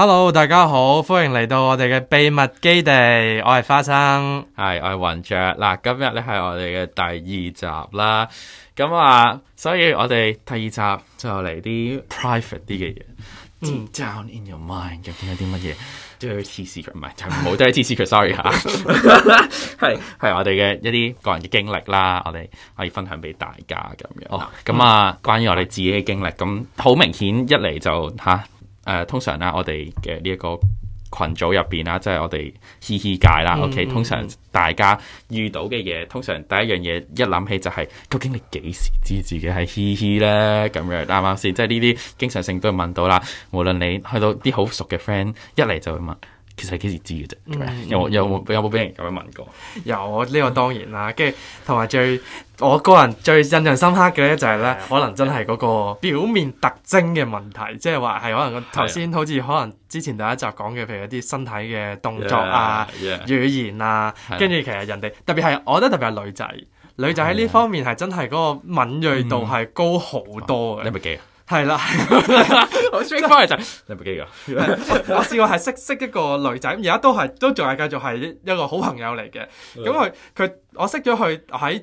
Hello，大家好，歡迎嚟到我哋嘅秘密基地，我係花生，係我係雲雀。嗱，今日咧係我哋嘅第二集啦，咁、嗯、啊，所以我哋第二集就嚟啲 private 啲嘅嘢，Deep down in your mind，究竟、就是、有啲乜嘢？dirty secret，唔係就唔好 dirty secret，sorry 吓，係係我哋嘅一啲個人嘅經歷啦，我哋可以分享俾大家咁、oh, 樣。哦，咁啊，嗯、關於我哋自己嘅經歷，咁好明顯一嚟就吓。誒、呃、通常啦、啊，我哋嘅呢一個群組入邊啦，即係我哋嘻嘻界啦、嗯、OK。通常大家遇到嘅嘢，通常第一樣嘢一諗起就係、是，究竟你幾時知自己係嘻嘻咧？咁樣啱啱先？即係呢啲經常性都會問到啦。無論你去到啲好熟嘅 friend，一嚟就會問。其實幾時知嘅啫、嗯？有有冇有冇俾人咁樣問過？有，呢個當然啦。跟住同埋最我個人最印象深刻嘅咧、就係，就係咧，可能真係嗰個表面特徵嘅問題，即係話係可能頭先好似可能之前第一集講嘅，譬如一啲身體嘅動作啊、yeah, yeah, 語言啊，跟住 yeah, 其實人哋特別係，我覺得特別係女仔，女仔喺呢方面係真係嗰個敏銳度係高好多。你咪記啊！係啦，對 我追翻嚟就你唔記噶，我試過係識識一個女仔，咁而家都係都仲係繼續係一個好朋友嚟嘅，咁佢佢我識咗佢喺。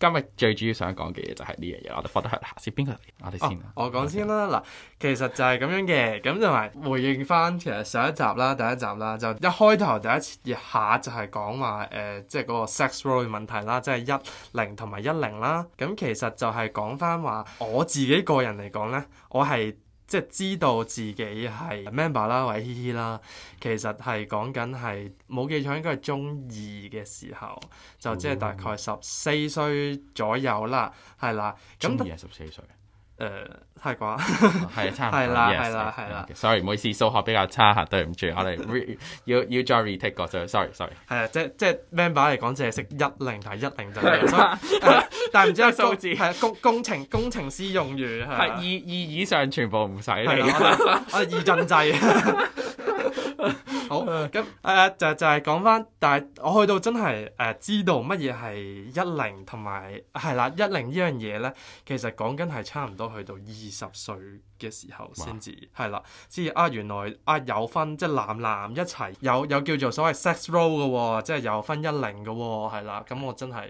今日最主要想講嘅嘢就係呢樣嘢，我哋發得係下次邊個？我哋先啊！我講先啦，嗱、哦， 其實就係咁樣嘅，咁就係回應翻其實上一集啦，第一集啦，就一開頭第一次一下就係講話誒，即係嗰個 sex role 嘅問題啦，即係一零同埋一零啦，咁其實就係講翻話我自己個人嚟講咧，我係。即係知道自己係 member 啦，或者 HEHE 啦，其實係講緊係冇記錯應該係中二嘅時候，就即係大概十四歲左右，哦、啦，係啦，咁。都係十四歲。誒泰國係啊，差唔多係 啦，係啦，係啦。Okay . Sorry，唔好意思，數學比較差嚇，對唔住， 我哋要要再 retake 過 Sorry，Sorry。誒 sorry, sorry，即即,即 member 嚟講 10, 就係識一零但係一零就所以但係唔知個數字係工 工程工程師用語係二以上全部唔使、啊， 我哋二進制。 好咁誒、uh,，就就係講翻，但係我去到真係誒，uh, 知道乜嘢係一零同埋係啦，一零呢樣嘢咧，其實講緊係差唔多去到二十歲嘅時候先至係啦，先至啊，原來啊有分即係男男一齊有有叫做所謂 sex role 嘅、哦，即係有分一零嘅、哦，係啦，咁我真係。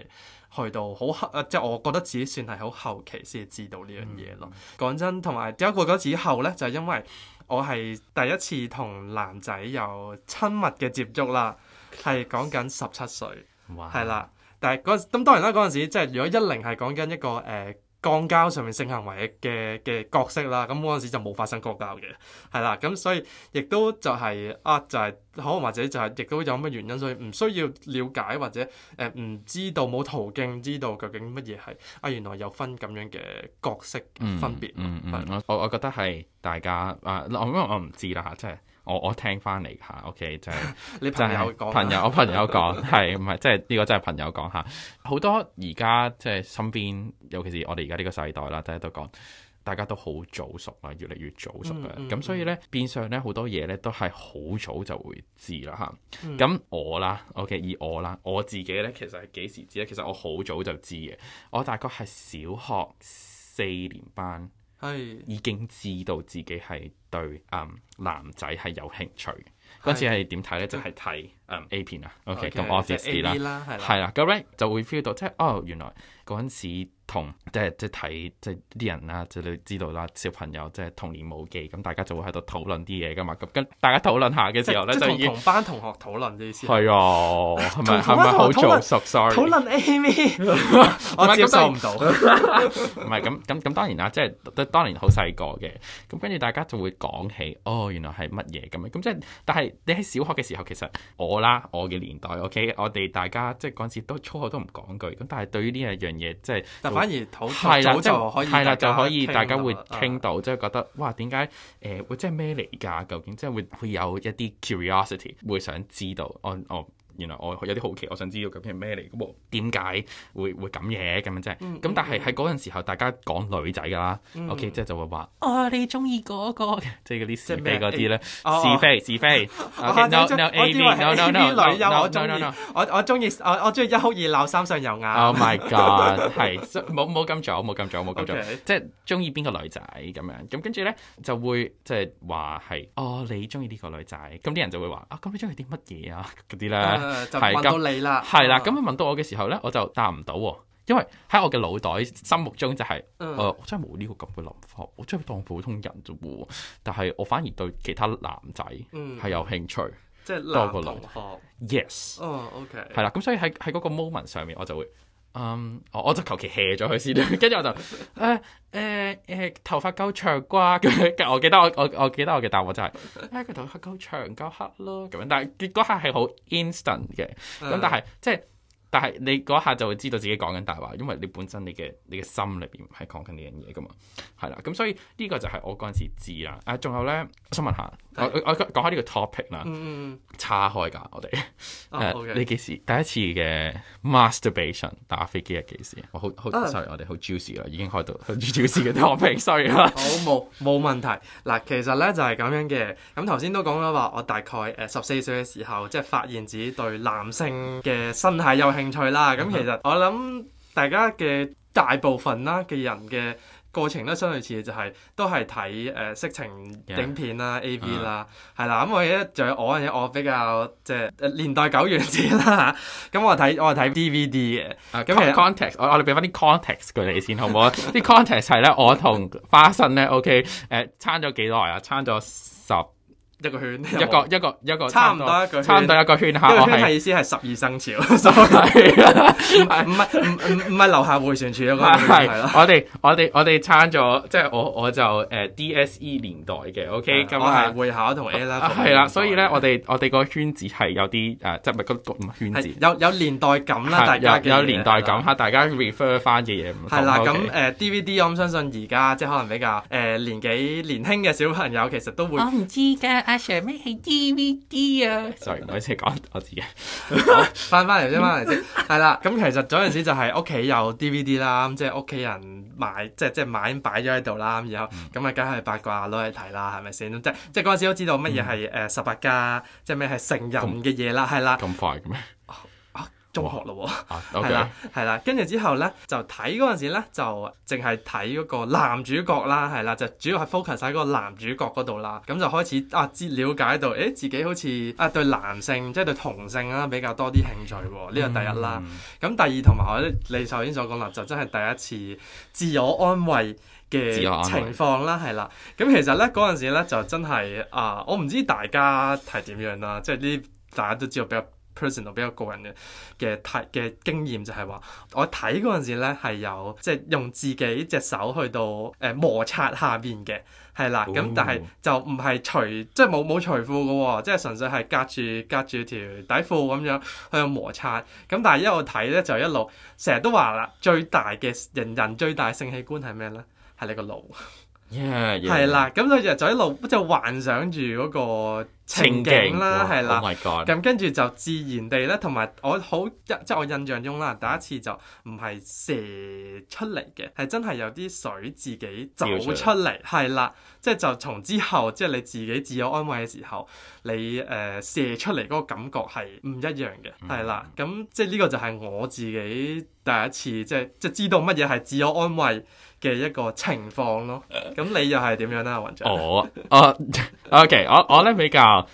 去到好後，即係我覺得自己算係好後期先至知道呢樣嘢咯。嗯，講真，同埋點解過咗之後呢，就係因為我係第一次同男仔有親密嘅接觸啦，係講緊十七歲，係啦哇。但係嗰陣，咁當然啦，嗰陣時即係如果一零係講緊一個誒，呃肛交上面性行為嘅嘅角色啦，咁嗰陣時就冇發生肛交嘅，係啦，咁所以亦都就係啊，就係可能或者就係亦都有乜原因，所以唔需要了解或者誒唔知道冇途徑知道究竟乜嘢係啊，原來有分咁樣嘅角色分別。嗯嗯，嗯嗯係啊，我我覺得係大家啊，我因為我唔知啦，即係。我我聽翻嚟嚇，OK 就係 你朋友講，朋友我朋友講係唔係？即係呢個真係朋友講嚇。好多而家即係身邊，尤其是我哋而家呢個世代啦，大家都講，大家都好早熟啦，越嚟越早熟啦。咁、嗯嗯、所以咧，變相咧好多嘢咧都係好早就會知啦嚇。咁、嗯、我啦，OK，以我啦，我自己咧其實係幾時知咧？其實我好早就知嘅，我大概係小學四年班。係已經知道自己係對嗯男仔係有興趣，嗰陣時係點睇咧？就係、是、睇嗯 A 片啊。OK，咁我知啦。即係然 A 啦，係啦。係啦，咁咧就會 feel 到，即、就、係、是、哦，原來嗰陣時。同即係即係睇即係啲人啦，即係你知道啦。小朋友即係童年冇忌，咁大家就會喺度討論啲嘢噶嘛。咁跟大家討論下嘅時候咧，就同班同學討論啲先。係啊，係咪係咪好早熟？sorry，討論 Amy，我接受唔到。唔係咁咁咁，當然啦，即係當年好細個嘅。咁跟住大家就會講起哦，原來係乜嘢咁啊？咁即係，但係你喺小學嘅時候，其實我啦，我嘅年代，OK，我哋大家即係嗰陣時都粗口都唔講句。咁但係對於呢一樣嘢，即係。反而早，早就可以，早就係、可以，大家會傾到，即係、啊、覺得，哇，點解，誒、呃，會即係咩嚟㗎？究竟即係會會有一啲 curiosity，會想知道，我我。原來我有啲好奇，我想知道究竟係咩嚟嘅喎，點解會會噉嘢？噉樣啫，噉但係喺嗰陣時候大家講女仔㗎啦，OK，即係就會話：「哦，你鍾意嗰個，即係嗰啲是非嗰啲呢？是非，是非，有有有，有有有，有有。」我鍾意，我鍾意一哭二鬧三上吊。Oh my god，係，冇咁做，冇咁做，冇咁做。即係鍾意邊個女仔？噉樣，噉跟住呢就會，即係話係：「哦，你鍾意呢個女仔？噉啲人就會話：「哦，噉你鍾意啲乜嘢啊？」嗰啲呢。就問到你啦，係啦的，咁、哦、問到我嘅時候咧，我就答唔到，因為喺我嘅腦袋心目中就係、係嗯呃，我真係冇呢個咁嘅諗法，我真係當普通人啫喎。但係我反而對其他男仔係有興趣，即係、嗯、男同學。Yes，哦，OK，係啦，咁所以喺喺嗰個 moment 上面，我就會。嗯，我、um, 我就求其 hea 咗佢先，跟住我就誒誒誒，頭髮夠長啩？咁 我記得我我我記得我嘅答案就係、是、誒、啊、個頭髮夠長夠黑咯，咁樣。但係結果係係好 instant 嘅，咁但係即係，但係、就是、你嗰下就會知道自己講緊大話，因為你本身你嘅你嘅心裏邊係講緊呢樣嘢噶嘛，係啦。咁所以呢個就係我嗰陣時知啦。誒、啊，仲有咧，我想問下。 我我講下呢個 topic 啦，叉、嗯、開㗎，我哋誒你幾時第一次嘅 masturbation 打飛機係幾時？好好，sorry，、啊、我哋好 juicy 啦，已經開到好 juicy 嘅 topic，sorry 啦，好，冇冇問題。嗱，其實咧就係、是、咁樣嘅，咁頭先都講咗話，我大概誒十四歲嘅時候，即係發現自己對男性嘅身體有興趣啦。咁、嗯、哼其實我諗大家嘅大部分啦嘅人嘅。過程相是都相類似，嘅就係都係睇誒色情影片啦、A. Yeah. V. 啦，係啦、嗯。咁我依家仲有我我比較即係、呃、年代久遠啲啦咁、嗯、我睇我睇 D. V. D. 嘅。咁、嗯嗯、其實我 context，我哋俾翻啲 context 佢你先好唔好？啲 context 係咧，我同花生咧，OK，誒、呃，撐咗幾耐啊？撐咗十。一個圈，一個一個一個，差唔多一個，差唔多一個圈吓，個圈嘅意思係十二生肖，唔係唔唔唔係樓下迴旋處一個圈。係，我哋我哋我哋撐咗，即係我我就誒 DSE 年代嘅 OK，咁我係會考同 A 啦。係啦，所以咧，我哋我哋個圈子係有啲誒，即係咪係個圈子，有有年代感啦。大家有年代感嚇，大家 refer 翻嘅嘢。唔係啦，咁誒 DVD，我諗相信而家即係可能比較誒年紀年輕嘅小朋友其實都會。我唔知嘅。咩係、 啊、D V D 啊？sorry，唔我先講我自己返返嚟先，返嚟先。係 啦，咁其實嗰陣時就係屋企有 D V D 啦，咁即係屋企人買，即係即係買咁擺咗喺度啦。然後咁啊，梗係八卦攞嚟睇啦，係咪先？即係即係嗰陣時都知道乜嘢係誒十八禁，即係咩係成人嘅嘢啦，係啦、嗯。咁快嘅咩？ 中學咯，係啦、ah, okay.，係 啦樂，跟住之後呢，就睇嗰陣時呢，就淨係睇嗰個男主角啦，係啦，就主要係 focus 喺嗰個男主角嗰度啦，咁就開始啊接了解到誒、欸、自己好似啊對男性即係、就是、對同性啦比較多啲興趣、喔，呢個 第一啦。咁第二同埋我你頭先所講啦，就真係第一次自我安慰嘅情況啦，係啦。咁其實呢，嗰陣時呢，就真係啊，我唔知大家係點樣啦，即係呢，大家都知道比較。personal 比較個人嘅嘅睇嘅經驗就係話，我睇嗰陣時咧係有即係用自己隻手去到誒摩、呃、擦下邊嘅，係啦，咁、嗯、但係就唔係除即係冇冇除褲嘅喎，即係、哦、純粹係隔住隔住條底褲咁樣去摩擦。咁但係一路睇咧就一路成日都話啦，最大嘅人人最大性器官係咩咧？係你個腦。係啦，咁佢就就一路就幻想住嗰個情景啦，係啦，咁的、oh、my 跟住就自然地咧，同埋我好即係、就是、我印象中啦，第一次就唔係射出嚟嘅，係真係有啲水自己走出嚟，係啦，即係、就是、就從之後即係、就是、你自己自我安慰嘅時候，你誒、呃、射出嚟嗰個感覺係唔一樣嘅，係啦、嗯，咁即係呢個就係我自己第一次即係即係知道乜嘢係自我安慰。嘅一個情況咯，咁你又係點樣咧？阿雲長，我，啊，OK，我我咧比較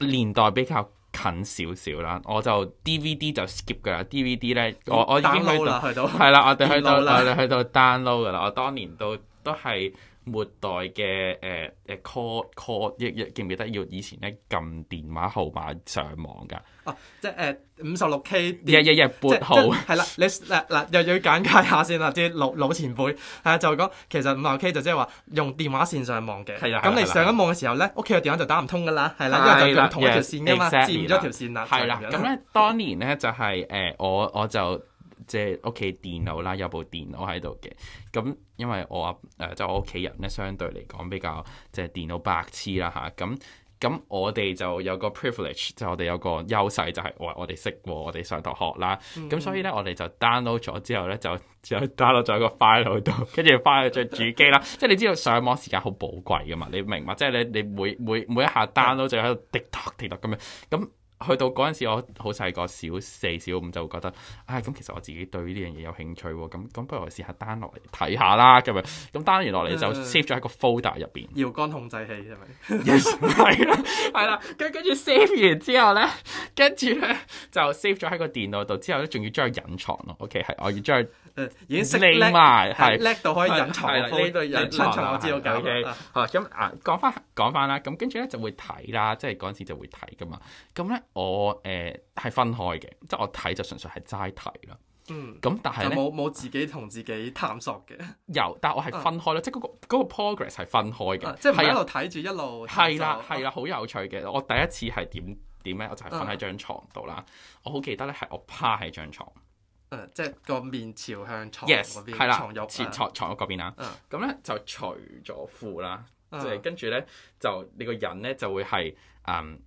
年代比較近少少啦，我就 DVD 就 skip 噶啦，DVD 咧，我我已經去到，係啦，我哋去到我哋去到 download 噶啦，我當年都都係。末代嘅誒誒 call call，亦亦記唔記得要以前咧撳電話號碼上網噶？哦，即係誒五十六 K，日日日撥號係啦。你嗱嗱又要簡介下先啦，即係老老前輩係啊，就講其實五十六 K 就即係話用電話線上網嘅。係啊，咁你上緊網嘅時候咧，屋企嘅電話就打唔通噶啦，係啦，因為就用同一條線嘅嘛，佔咗條線啦。係啦，咁咧當年咧就係誒我我就。即係屋企電腦啦，有部電腦喺度嘅。咁因為我啊，誒、呃，即係我屋企人咧，相對嚟講比較即係電腦白痴啦嚇。咁咁我哋就有個 privilege，即係我哋有個優勢，就係我我哋識，我哋上堂學啦。咁所以咧，我哋就 download 咗之後咧，就就 download 咗個 file 度，跟住翻去再主機啦。即係你知道上網時間好寶貴㗎嘛，你明嘛？即係你你每每每一下 download 就喺度滴答滴答咁樣咁。嗯去到嗰陣時，我好細個，小四、小五就會覺得，唉，咁其實我自己對呢樣嘢有興趣喎。咁咁，不如我試下 down 落嚟睇下啦。咁樣，咁 down 完落嚟就 save 咗喺個 folder 入邊。搖桿控制器係咪？Yes，係啦，係啦。跟跟住 save 完之後咧，跟住咧就 save 咗喺個電腦度。之後咧，仲要將佢隱藏咯。OK，係我要將佢已經匿埋，係叻到可以隱藏，可以隱藏，我知道咁 OK 咁啊，講翻講翻啦。咁跟住咧就會睇啦，即係嗰陣時就會睇噶嘛。咁咧。我誒係分開嘅，即係我睇就純粹係齋睇啦。嗯，咁但係咧冇冇自己同自己探索嘅？有，但係我係分開咯，即係嗰個 progress 係分開嘅，即係唔一路睇住一路。係啦係啦，好有趣嘅。我第一次係點點咧？我就係瞓喺張床度啦。我好記得咧，係我趴喺張床，嗯，即係個面朝向床嗰邊，係啦，床褥前床床褥嗰邊啦。嗯，咁咧就除咗褲啦，即係跟住咧就你個人咧就會係嗯。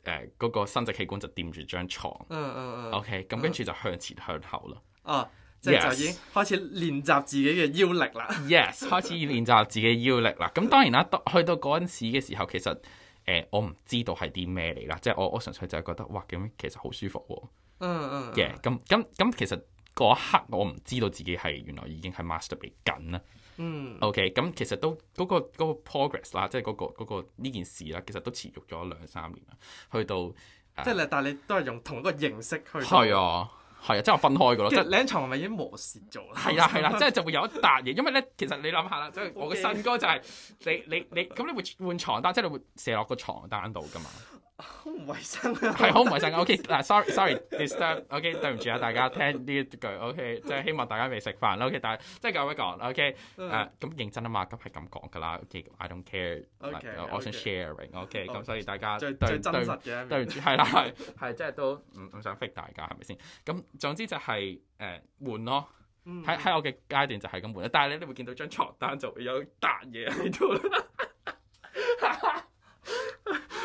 誒，嗰、啊那個生殖器官就掂住張床，嗯嗯 okay? 嗯，OK，咁跟住就向前向後咯，啊、哦，即係就已經開始練習自己嘅腰力啦，yes，開始練習自己腰力啦。咁 當然啦，去到嗰陣時嘅時候，其實誒、嗯，我唔知道係啲咩嚟，啦，即係我我純粹就係覺得哇，咁其實好舒服，嗯嗯，嘅咁咁咁，其實嗰一刻我唔知道自己係原來已經係 masturbate 緊啦。嗯，OK，咁其實都嗰、嗰個嗰個 progress 啦，即係嗰、嗰個呢、嗰個、件事啦，其實都持續咗兩三年啦，去到、uh, 即係你，但係你都係用同一個形式去係啊，係啊，啊 即係分開噶咯。其實你啲牀係咪已經磨蝕咗？係啦係啦，即係就會有一笪嘢，因為咧，其實你諗下啦，即係我嘅新歌就係你你你，咁你，你，你會換床單，即係你會射落個床單度噶嘛。好唔衞生啊！係好唔衞生啊！OK，嗱，sorry，sorry，disturb，OK，對唔住啊，大家聽呢一句，OK，即係希望大家未食飯啦，OK，但係即係各位講 OK 誒，咁認真啊嘛，咁係咁講㗎啦，OK，I don't care，OK，我想 sharing，OK，咁所以大家最最真實嘅，對唔住，係啦，係，係，即係都唔唔想逼大家係咪先？咁總之就係誒換咯，喺喺我嘅階段就係咁換啦，但係你你會見到張床單就會有笪嘢喺度。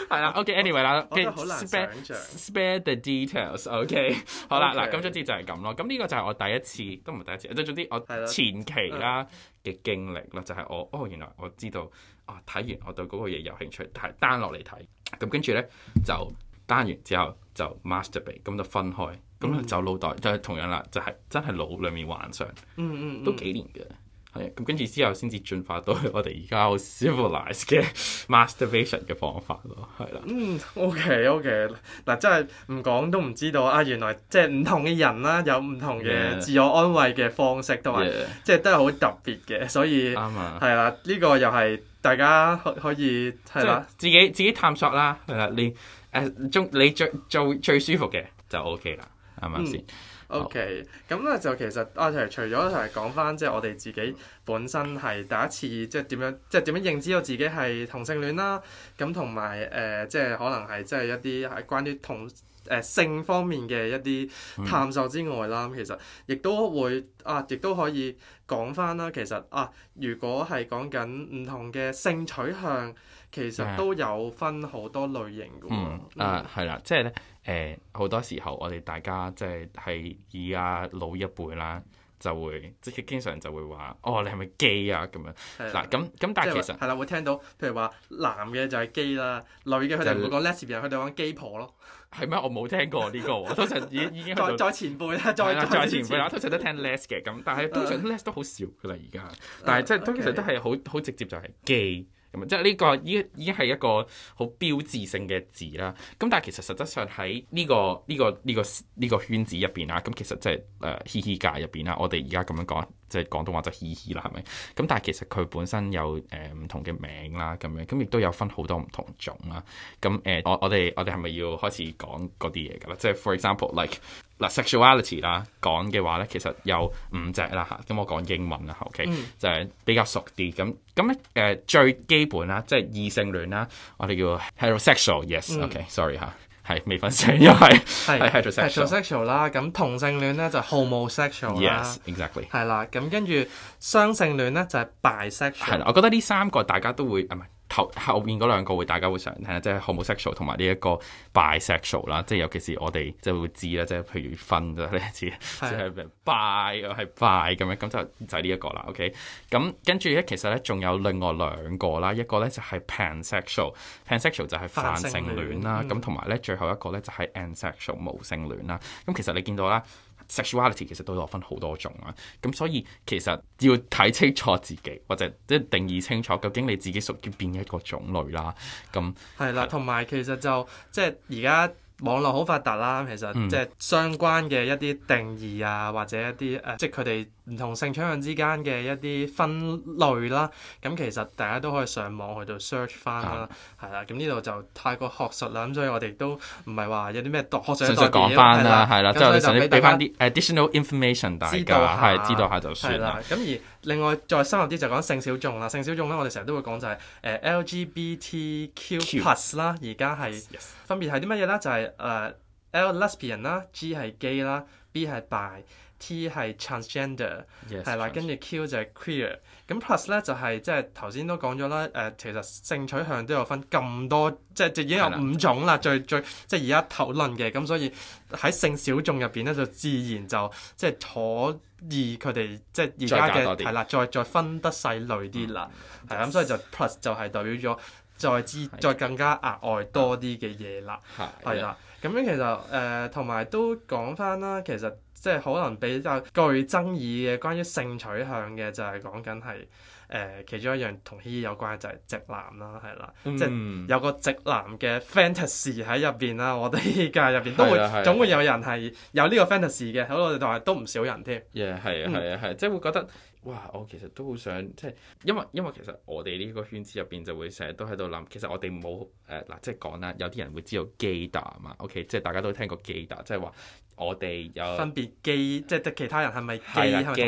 係啦，OK，Anyway 啦，spare the details，OK，okay? 好啦，嗱 Okay.，咁總之就係咁咯，咁呢個就係我第一次，都唔係第一次，即係總之我前期啦嘅經歷咯，了就係我，哦，原來我知道，哦，睇完我對嗰個嘢有興趣，但係單落嚟睇，咁跟住咧就單完之後就 masturbate，咁就分開，咁、嗯、就腦袋，就係、是、同樣啦，就係、是、真係腦裏面幻想，嗯嗯，都幾年嘅。咁，跟住之後先至進化到我哋而家好 civilized 嘅 masturbation 嘅方法咯，係啦。嗯，OK OK，嗱、啊、真係唔講都唔知道啊！原來即係唔同嘅人啦，有唔同嘅自我安慰嘅方式，都係 Yeah. 即係都係好特別嘅，所以啱啊。係吧啦，呢、這個又係大家可可以係啦，即係自己自己探索啦。係啦，你誒、啊、中你最做最舒服嘅就 OK 啦，係啱先？O.K. 咁咧就其實啊，除除咗同埋講翻即係我哋自己本身係第一次即係點樣，即係點樣認知到自己係同性戀啦。咁同埋誒，即、呃、係、就是、可能係即係一啲係關於同誒、呃、性方面嘅一啲探索之外啦。嗯、其實亦都會啊，亦都可以講翻啦。其實啊，如果係講緊唔同嘅性取向，其實都有分好多類型㗎、嗯嗯、啊，係啦，即係咧。誒好、嗯、多時候，我哋大家即係係而家老一輩啦，就會即係經常就會話：哦，你係咪基 a 啊？咁樣嗱，咁咁的但係其實係啦，會聽到譬如話男嘅就係基啦，女嘅佢哋唔會講 les，佢哋講基婆咯。係咩？我冇聽過呢、呢個，通常已經 已經 再再前輩啦，再再前， 再前輩啦，通常都聽 les 嘅咁，但係通常 les 都好少噶啦而家，但係即係通常都係好好直接就係基，即係呢個依依已經係一個好標誌性嘅字啦。咁但係其實實質上喺呢個呢個呢個呢個圈子入邊啦，咁其實即係誒嘻嘻界入邊啦，我哋而家咁樣講。即係廣東話就嘻嘻啦，係咪？咁但係其實佢本身有誒唔、呃、同嘅名啦，咁樣咁亦都有分好多唔同種啦。咁誒、呃，我我哋我哋係咪要開始講嗰啲嘢㗎啦？即係 for example like 嗱，sexuality 啦，講嘅話咧，其實有五隻啦嚇。咁我講英文啦，OK，、嗯、就係比較熟啲。咁咁咧誒，最基本啦，即係異性戀啦，我哋叫 heterosexual yes,、嗯。Yes，OK，sorry、okay, 嚇。係未分 xual, 性因係係同性同啦，咁同性戀咧就 homosexual 啦，係啦，咁跟住雙性戀咧就係、是、bisexual。係啦，我覺得呢三個大家都會啊唔係。後後面嗰兩個會，大家會想聽啊，即係 homosexual 同埋呢一個 bisexual 啦，即係尤其是我哋即係會知啦，即係譬如分咗呢一次，即係 bis，係 bi 咁樣，咁就就係呢一個啦，OK。咁跟住咧，其實咧仲有另外兩個啦，一個咧就係、是、pansexual，pansexual 就係泛性戀啦，咁同埋咧最後一個咧就係、是、ansexual 無性戀啦，咁其實你見到啦。sexuality 其實都有分好多種啊，咁所以其實要睇清楚自己，或者即係定義清楚，究竟你自己屬於邊一個種類啦。咁係啦，同埋其實就即係而家網絡好發達啦，其實即係相關嘅一啲定義啊，嗯、或者一啲誒，即係佢哋。就是唔同性取向之間嘅一啲分類啦，咁其實大家都可以上網去到 search 翻啦，係啦、啊，咁呢度就太過學術啦，咁所以我哋都唔係話有啲咩代學術講翻啦，係啦，即後我哋俾俾翻啲 additional information 大家係知道下，就係啦，咁而另外再深入啲就講性小眾啦，性小眾咧我哋成日都會講就係誒 LGBTQ plus 啦，而家係分別係啲乜嘢咧？就係、是、誒 L lesbian 啦，G 係 gay 啦，B 係 bi T 係 transgender，係啦，跟住 Q 就係 queer。咁 Plus 咧就係即係頭先都講咗啦，誒其實性取向都有分咁多，即係已經有五種啦。最最即係而家討論嘅，咁所以喺性小眾入邊咧就自然就即係可以佢哋即係而家嘅係啦，再再分得細類啲啦。係啦，咁所以就 Plus 就係代表咗再之再更加額外多啲嘅嘢啦。係啦，咁樣其實誒同埋都講返啦，其實。即係可能比較具爭議嘅，關於性取向嘅就係講緊係誒其中一樣同 HEHE 有關嘅就係直男啦，係啦，嗯、即係有個直男嘅 fantasy 喺入邊啦。我哋依家入邊都會、啊啊、總會有人係有呢個 fantasy 嘅，好，我哋就話都唔少人添。誒係啊係啊係、啊嗯啊啊，即係會覺得。哇！我其實都好想即係，因為因為其實我哋呢個圈子入邊就會成日都喺度諗，其實我哋冇誒嗱，即係講啦，有啲人會知道基達嘛，OK，即係大家都聽過基達，即係話我哋有分別基，即係其他人係咪基同基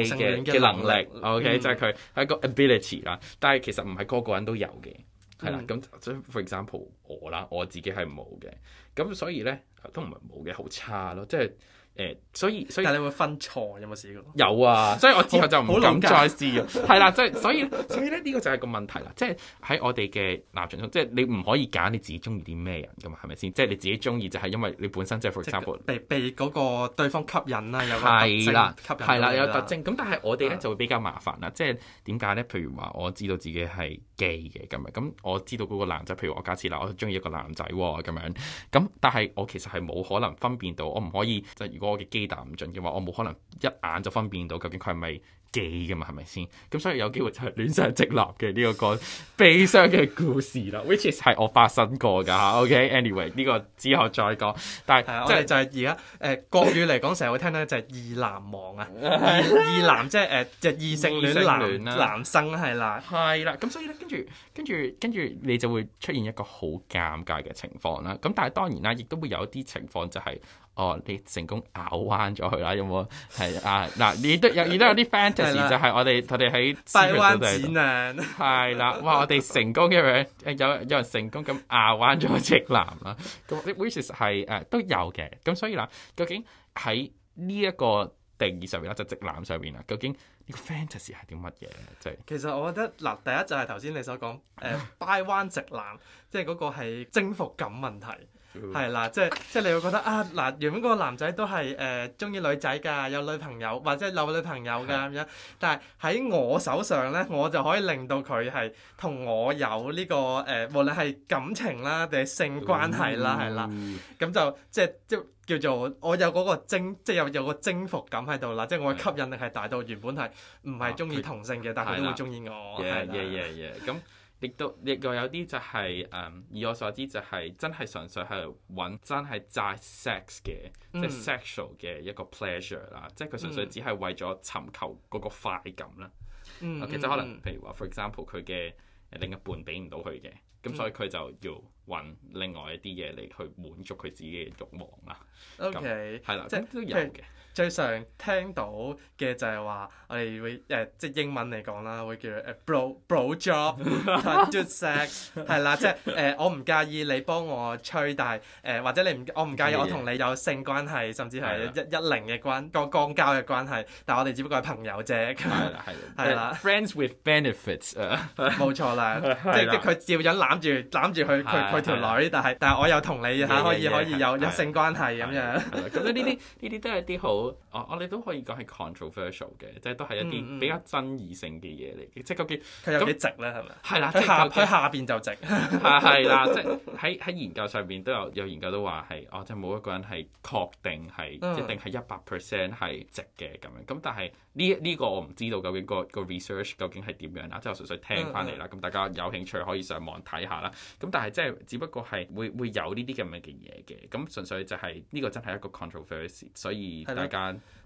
嘅能力，能力？OK，即係佢係一個 ability 啦，但係其實唔係個個人都有嘅，係啦、嗯。咁、啊，所以 for example 我啦，我自己係冇嘅，咁所以咧都唔係冇嘅，好差咯，即係。誒，所以所以，你會分錯，有冇試過？ 有啊，所以我之後就唔敢再試啊。係啦， 即係所以所以咧，呢個就係個問題啦。即係喺我哋嘅立場中，即係你唔可以揀你自己中意啲咩人㗎嘛？係咪先？即係你自己中意就係因為你本身即係 for example 被被嗰個對方吸引啦，有特徵吸引，係啦，有特徵。咁了但係我哋咧就會比較麻煩啦。即係點解咧？譬如話我知道自己係 gay 嘅咁啊，咁我知道嗰個男仔，譬如我假設啦，我中意一個男仔喎咁樣，咁但係我其實係冇可能分辨到，我唔可以即係如果。我嘅機打唔準嘅話，我冇可能一眼就分辨到究竟佢係咪 gay 噶嘛？係咪先？咁所以有機會就係戀上直男嘅呢個個悲傷嘅故事啦。 Which is 係我發生過噶。o k、okay? a n y、anyway, w a y 呢個之後再講。但係、啊、即係是就係而家誒國語嚟講，成日會聽到就係異男忘啊， 異異男即係誒就異性戀男性、啊、男生係啦，係啦、啊。咁所以咧，跟住跟住跟住你就會出現一個好尷尬嘅情況啦。咁但係當然啦，亦都會有一啲情況就係、是。哦，你成功拗彎咗佢啦，有冇？係 啊，嗱，你都又你都有啲 fantasy 就係我哋佢哋喺彎錢啊，係啦， 哇，我哋成功咁誒有有人成功咁拗彎咗直男啦，咁、那個、wishes 係誒、啊、都有嘅，咁所以嗱，究竟喺呢一個定義上面啦，就是、直男上面啊，究竟個是是呢個 fantasy 係啲乜嘢？即、就、係、是、其實我覺得嗱，第一就係頭先你所講誒掰彎直男，即係嗰個係征服感問題。係啦，即係即係你會覺得啊，嗱原本嗰個男仔都係誒中意女仔㗎，有女朋友或者有女朋友㗎咁樣，但係喺我手上呢，我就可以令到佢係同我有呢個誒，無論係感情啦，定係性關係啦，係啦，咁就即係即叫做我有嗰個征服，即係有有個征服感喺度啦，即係我嘅吸引力係大到原本係唔係中意同性嘅，但佢都會中意我。係。亦都亦個有啲就係、是、誒、嗯，以我所知就係、是、真係純粹係揾真係齋 sex 嘅，即係、嗯、sexual 嘅一個 pleasure 啦，嗯、即係佢純粹只係為咗尋求嗰個快感啦。其實、嗯、Okay, 可能譬如話，for example，佢嘅另一半俾唔到佢嘅，咁、嗯、所以佢就要揾另外一啲嘢嚟去滿足佢自己嘅慾望啦。OK，係啦，咁都有嘅。最常聽到嘅就係話，我哋會誒即係英文嚟講啦，會叫做 bro bro job，同埋 do sex，係啦，即係誒我唔介意你幫我吹，但係誒或者你唔我唔介意我同你有性關係，甚至係一一零嘅關，個肛交嘅關係，但係我哋只不過係朋友啫，係啦，係啦，friends with benefits，冇錯啦，即係佢照樣攬住攬住佢佢佢條女，但係但係我又同你可以可以有性關係咁樣，咁所以呢啲呢啲都係啲好。哦，我哋都可以講係 controversial 嘅，即係都係一啲比較爭議性嘅嘢嚟嘅，嗯、即係究竟佢有幾值咧？係咪？係啦，下佢下邊就值係、 啊、啦， 即係喺喺研究上邊都有有研究都話係，哦，即係冇一個人係確定係、嗯、一定係一百 percent 係值嘅咁樣。咁但係呢呢個我唔知道究竟個個 research 究，究竟係點樣啦，即係我純粹聽翻嚟啦。咁、嗯嗯、大家有興趣可以上網睇下啦。咁但係即係只不過係會會有呢啲咁樣嘅嘢嘅。咁純粹就係呢個真係一個 controversy，所以大家。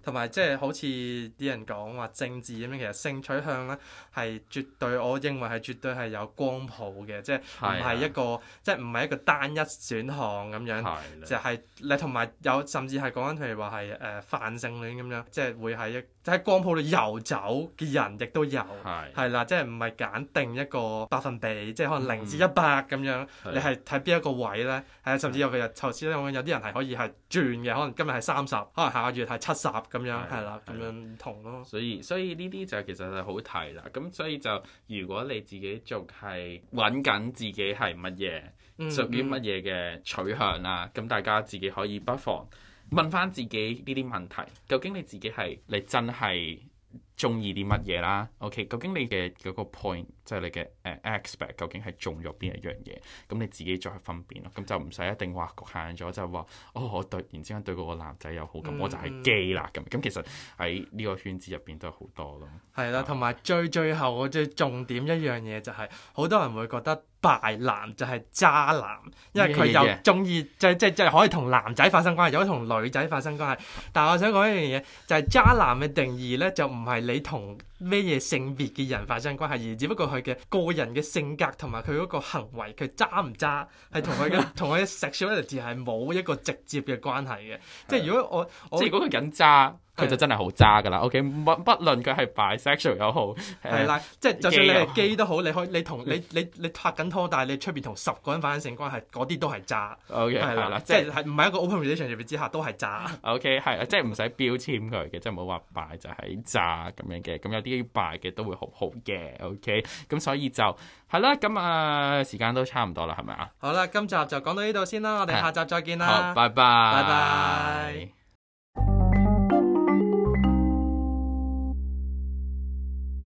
同埋即係好似啲人講話政治咁樣，其實性取向咧係絕對，我認為係絕對係有光譜嘅，即係唔係一個，是的 即係唔係一個單一選項咁樣，就係你同埋有，有甚至係講緊譬如話係誒泛性戀咁樣，即係會係一。就喺光譜度游走嘅人亦都有，係啦，即係唔係揀定一個百分比，即係可能零至一百咁樣，你係睇邊一個位咧？係啊，甚至有譬如頭先咧有啲人係可以係轉嘅，可能今日係三十，可能下個月係七十咁樣，係啦，咁樣唔同咯。所以所以呢啲就其實係好睇啦。咁所以就如果你自己做係揾緊自己係乜嘢屬於乜嘢嘅取向啦，咁大家自己可以不妨。問返自己呢啲問題，究竟你自己係，你真係鍾意啲乜嘢啦？OK，究竟你嘅嗰個 point？即係你嘅誒 aspect，究竟係重咗邊一樣嘢？咁你自己再去分辨咯。咁就唔使一定話局限咗，就係話哦，我突然之間對嗰個男仔有好感，嗯、我就係 gay 啦。咁咁其實喺呢個圈子入邊都有好多咯。係啦、嗯，同埋最最後我最重點一樣嘢就係、是，好多人會覺得敗男就係渣男，因為佢又中意即即即係可以同男仔發生關係，有得同女仔發生關係。但係我想講一樣嘢，就係、是、渣男嘅定義咧，就唔係你同咩嘢性別嘅人發生關係，而只不過係。嘅個人嘅性格同埋佢嗰個行為，佢渣唔渣，係同佢嘅同佢嘅 sexuality 係冇一個直接嘅關係嘅。 即係如果我，我即係如果佢緊渣。佢就真係好渣噶啦，OK，不不論佢係 bisexual 又好，係啦、 啊，即係就算你 gay 都好，你可以你同你你你拍緊拖，但係你出邊同十個人發生性關係，嗰啲都係渣，OK，係啦，即係唔係一個 open relationship 之下都係渣，OK，係、嗯 okay，即係唔使標籤佢嘅， 即係唔好話 bi 就係渣咁樣嘅，咁有啲 bi 嘅都會好好嘅，OK，咁所以就係啦，咁、right，啊時間都差唔多啦，係咪啊？好啦，今集就講到呢度先啦，我哋下集再見啦，拜拜 拜拜。